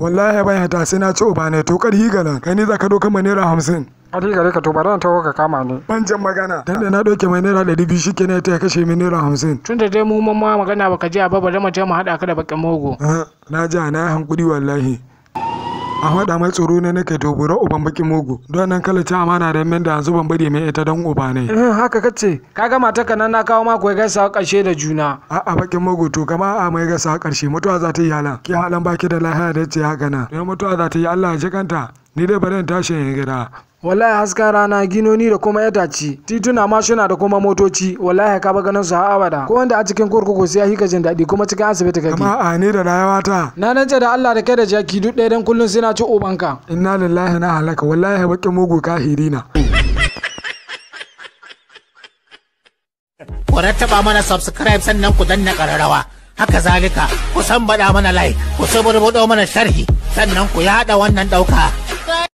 wallahi ban hata sai na ci uba ne to yi galan kai ni za ka doka mai naira hamsin Adi gare ka to bari an tawo ka kama ni. Ban jan magana. Dan da na doke mai naira ɗari biyu shike ne ta kashe mai naira hamsin. Tun da dai mu ma magana baka ji a ba bari mu je mu haɗa ka da bakin mogo Na ji na hankuri wallahi. faɗa mai tsoro ne nake dogoro uban bakin mugu don nan kala ta amana da min da yanzu ban bari mai ita don uba ne eh haka kace kaga Ka nan na kawo ma ku gaisa karshe da juna a'a bakin mugu to kama a mai gaisa karshe mutuwa za ta yi halan ki halan baki da lahiya da ce haka na don mutuwa za ta yi Allah ya ji kanta ni dai bare in tashi in gida wallahi haska rana ginoni da kuma yataci tituna mashina da kuma motoci wallahi ka ba ganin su har abada ko wanda a cikin kurkuku sai ya hika jin daɗi kuma cikin asibiti kake amma a ne da rayuwa ta na da Allah da kai da jaki duk ɗaya dan kullun sai na ci ubanka inna lillahi na halaka wallahi baƙin mugu kahirina ku rattaba mana subscribe sannan ku danna ƙararrawa haka zalika ku san baɗa mana like ku saburbuɗo mana sharhi sannan ku yada wannan ɗauka